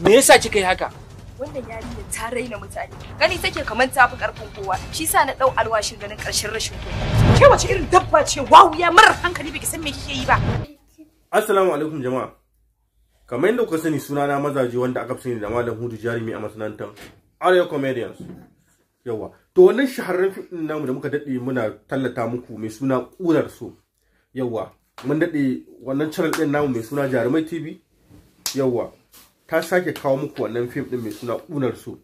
me yasa kika yi haka wannan yarinya ta raina mutane gani take kamar ta fi karfin kowa shi sa na dau alwashin ganin karshen rashin kuɗi ke wace irin dabba ce ya marar hankali baki san me kike yi ba assalamu alaikum jama'a kamar yadda kuka sani sunana mazaje wanda aka fi sani da malam hudu jarumi a masana'antar arewa comedians yawa to wannan shahararren fim namu da muka dade muna tallata muku mai suna kurar so yawa mun dade wannan channel din namu mai suna jarumai tv yawa ta sake kawo muku wannan fim din mai suna kunar su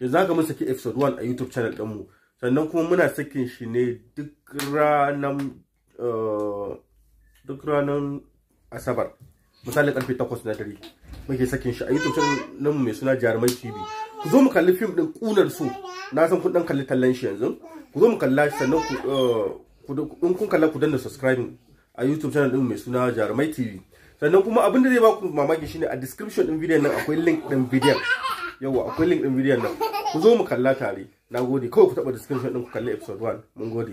yanzu zaka mun saki episode 1 a YouTube channel din mu sannan kuma muna sakin shi ne duk ranan eh, duk ranan asabar misali karfe 8 na dare muke sakin shi a YouTube channel din mu mai suna Jarumai TV ku zo mu kalli fim din kunar su na san kun dan kalli tallan shi yanzu ku zo mu kalla shi sannan ku eh, in kun kalla ku danna subscribing a YouTube channel din mai suna Jarumai TV sannan kuma abin da zai ba ku mamaki shine a description din bidiyon nan akwai link din bidiyon yauwa akwai link din bidiyon nan ku zo mu kalla tare nagode kawai ku taba description din ku kalli episode 1 mun gode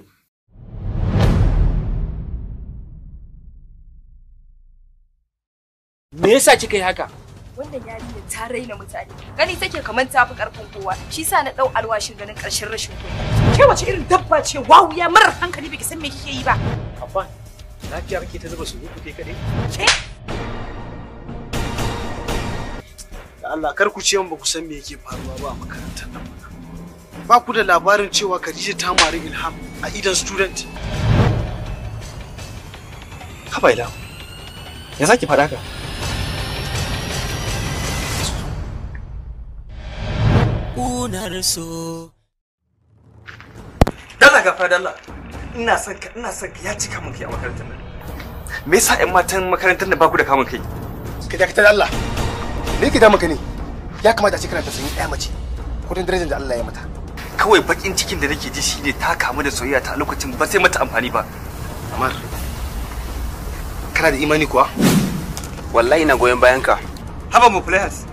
me yasa kika yi haka wannan yarinya ta raina mutane gani take kamar ta fi karfin kowa shi sa na dau alwashin ganin karshen rashin kowa ke wace irin dabba ce wawu ya marar hankali baki san me kike yi ba afan lafiya kake ta zuba surutu kai kadai da Allah kar ku ce ba ku san me yake faruwa ba a makarantar nan ba ba ku da labarin cewa Khadija ta mari Ilham a idan student haba Ilham ya zaki faɗa ka ƙunar so dala gafa dala ina son ka ina son ka ya cika mun kai a makarantar nan me yasa ƴan matan makarantar da baku da kamun kai ka dakatar Allah me yake damu ka ne ya kamata a ce kana da sanyi ɗaya mace ko dan darajar da Allah ya mata kawai bakin cikin da nake ji shine ta kamu da soyayya ta lokacin ba sai mata amfani ba amar kana da imani kuwa wallahi na goyon bayan ka haba mu players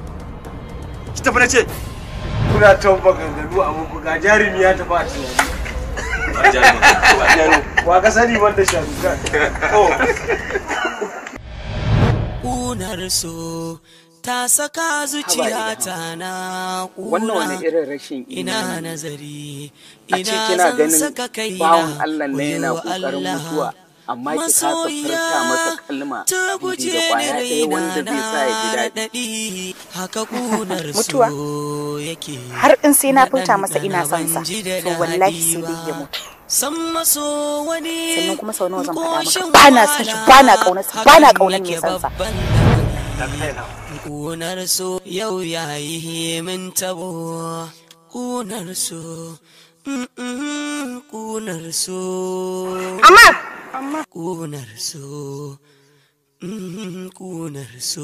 ki tafi na ce kuna tauba da a amma ga jarumi ya tafi a tunani wa ka sani wanda ƙunar so ta saka zuciyata na wannan irin rashin ina nazari ina zan saka kai bawan Allah ne mutuwa amma ki kasa masa kalma ta guje ni raina na daɗi haka kunar mutuwa har in sai na furta masa ina son sa to wallahi sai dai ya mutu san maso wani sannan kuma sau nawa zan faɗa maka ba na san shi ba na ƙaunar sa ba na ƙaunar mai san sa ƙunar so yau yayi min tabo kunar so Kunar so amma amma ƙunar so Kunar so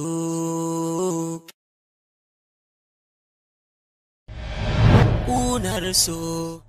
ƙunar so